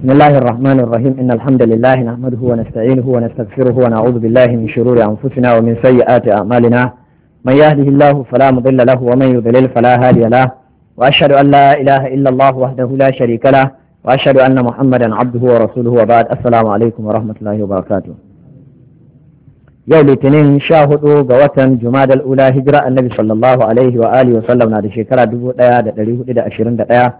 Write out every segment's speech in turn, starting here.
بسم الله الرحمن الرحيم إن الحمد لله نحمده ونستعينه ونستغفره ونعوذ بالله من شرور أنفسنا ومن سيئات أعمالنا من يهده الله فلا مضل له ومن يضلل فلا هادي له وأشهد أن لا إله إلا الله وحده لا شريك له وأشهد أن محمدا عبده ورسوله وبعد السلام عليكم ورحمة الله وبركاته يوم الاثنين شاهدوا قوة جماد الأولى هجرة النبي صلى الله عليه وآله وسلم نادي شكرا دبو دايا دا دريه دا أشيرين دا دايا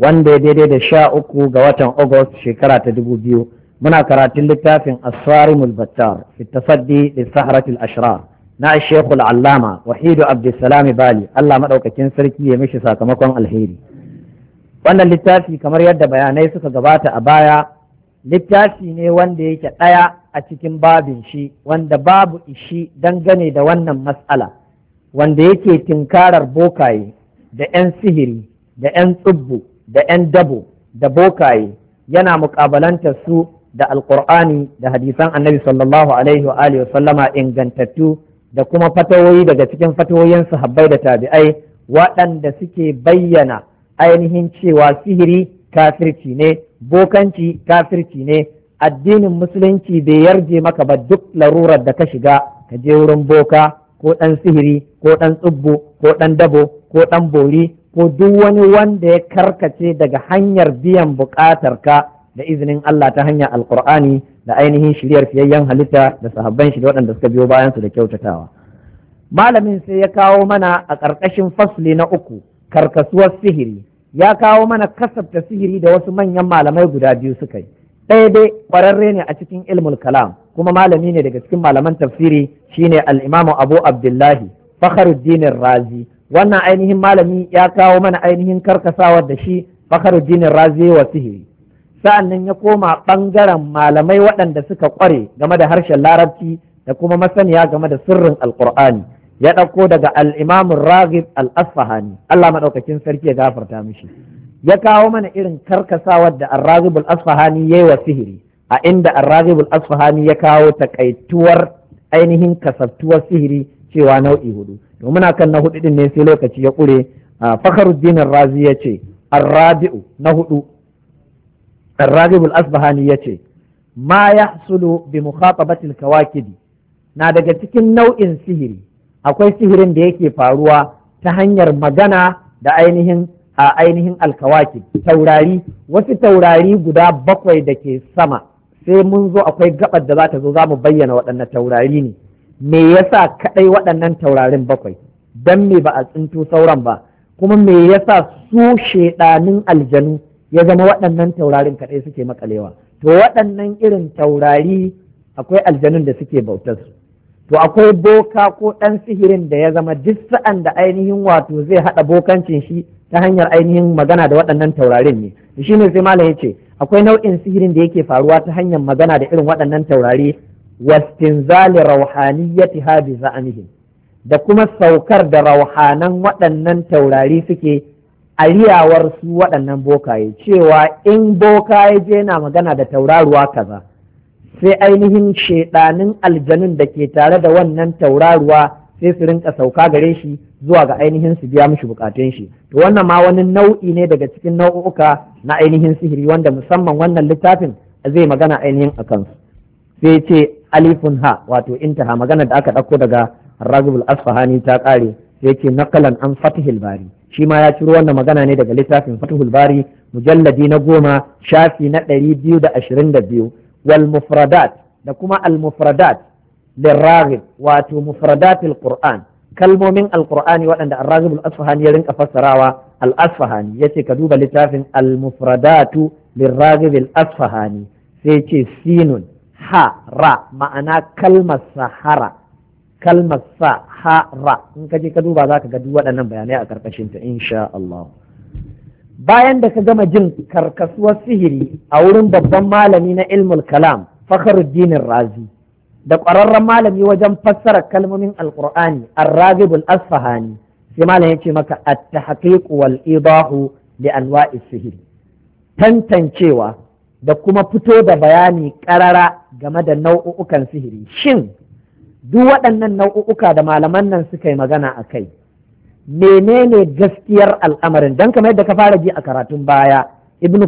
wanda ya daidai da sha uku ga watan August shekara ta dubu biyu muna karatun littafin Asfarimul Battar fi tasaddi da Saharatul Ashrar na Shekul Allama Wahidu Abdulsalam Bali Allah maɗaukakin sarki ya mishi sakamakon alheri wannan littafi kamar yadda bayanai suka gabata a baya littafi ne wanda yake ɗaya a cikin babin shi wanda babu ishi dangane da wannan matsala wanda yake tinkarar bokaye da 'yan sihiri da 'yan tsubbu da 'yan dabo da bokaye yana muƙabalantar su da alƙur'ani da hadisan annabi sallallahu alaihi wa alihi sallama ingantattu da kuma fatawoyi daga cikin fatawoyin sahabbai da tabi'ai waɗanda suke bayyana ainihin cewa sihiri kafirci ne bokanci kafirci ne addinin musulunci bai yarje maka ba duk larurar da ka shiga ka je wurin boka ko ɗan sihiri ko ɗan tsubbu ko ɗan dabo ko ɗan bori ko duk wani wanda ya karkace daga hanyar biyan buƙatar ka da izinin Allah ta hanyar alkur'ani da ainihin shiryar fiyayyen halitta da sahabban shi da waɗanda suka biyo bayan su da kyautatawa malamin sai ya kawo mana a ƙarƙashin fasli na uku karkasuwar sihiri ya kawo mana kasafta sihiri da wasu manyan malamai guda biyu suka yi ɗaya dai ƙwararre ne a cikin ilmul kalam kuma malami ne daga cikin malaman tafsiri shine al-imamu abu abdullahi fakhruddin razi wannan ainihin malami ya kawo mana ainihin karkasawar da shi fakhruddin razi wa sihiri sa'annan ya koma bangaren malamai waɗanda suka kware game da harshen larabci da kuma masaniya game da sirrin alqur'ani ya ɗauko daga al-imam al-asfahani Allah maɗaukakin sarki ya gafarta mishi ya kawo mana irin karkasawar da al raghib al-asfahani yayi wa sihiri a inda al raghib al-asfahani ya kawo takaituwar ainihin kasabtuwar sihiri cewa nau'i hudu domin akan na hudu din ne sai lokaci ya kure fakharuddin razi ya ce arrabi'u na hudu الراغب الأصبهاني يتي bi يحصل بمخاطبة الكواكب na daga cikin nau'in sihiri akwai sihirin da yake faruwa ta hanyar magana da ainihin a ainihin alkawaki taurari wasu taurari guda bakwai da ke sama sai mun zo akwai gabar da za ta zo za mu bayyana waɗannan taurari ne me yasa kadai waɗannan taurarin bakwai don me ba a tsinto sauran ba kuma me yasa su shaidanin aljanu ya zama waɗannan taurarin kadai suke makalewa to waɗannan irin taurari akwai aljanun da suke bautar to akwai boka ko ɗan sihirin da ya zama duk sa'an da ainihin wato zai haɗa bokancin shi ta hanyar ainihin magana da waɗannan taurarin ne shi ne sai malam ya ce akwai nau'in sihirin da yake faruwa ta hanyar magana da irin waɗannan taurari wastinzali rauhaniyatiha bi za'amihim da kuma saukar da rauhanan waɗannan taurari suke a riyawar su waɗannan bokaye cewa in bokaye je na magana da tauraruwa kaza sai ainihin shaidanin aljanun da ke tare da wannan tauraruwa sai su rinka sauka gare shi zuwa ga ainihin su biya mishi bukatun shi to wannan ma wani nau'i ne daga cikin nau'uka na ainihin sihiri wanda musamman wannan littafin zai magana ainihin a kansu sai ce alifun ha wato intaha magana da aka ɗauko daga ragul asfahani ta ƙare sai ce naqalan an fatihul bari shi ma ya ciro wannan magana ne daga littafin fatihul bari mujalladi na goma shafi na ɗari biyu da ashirin da biyu wal mufradat da kuma al mufradat lirraghib wato mufradatil qur'an kalmomin alqur'ani waɗanda arraghib al-asfahani ya rinka fassarawa al-asfahani yace ka duba littafin al-mufradatu lirraghib al-asfahani sai ce sinun sahara ma'ana kalmar sahara kalmar sahara in ka je ka duba za ka ga duk waɗannan bayanai a ƙarƙashin ta insha Allah bayan da ka gama jin karkasuwar sihiri a wurin babban malami na ilmul kalam fakhruddin razi da ƙwararren malami wajen fassara kalmomin alqur'ani ar bul asfahani sai malam ya ce maka at-tahqiq wal idahu li anwa'i sihiri tantancewa da kuma fito da bayani ƙarara game da nau'ukan sihiri shin duk waɗannan nau'uka da malaman nan suka yi magana a kai menene gaskiyar al'amarin don kamar yadda ka fara ji a karatun baya ibnu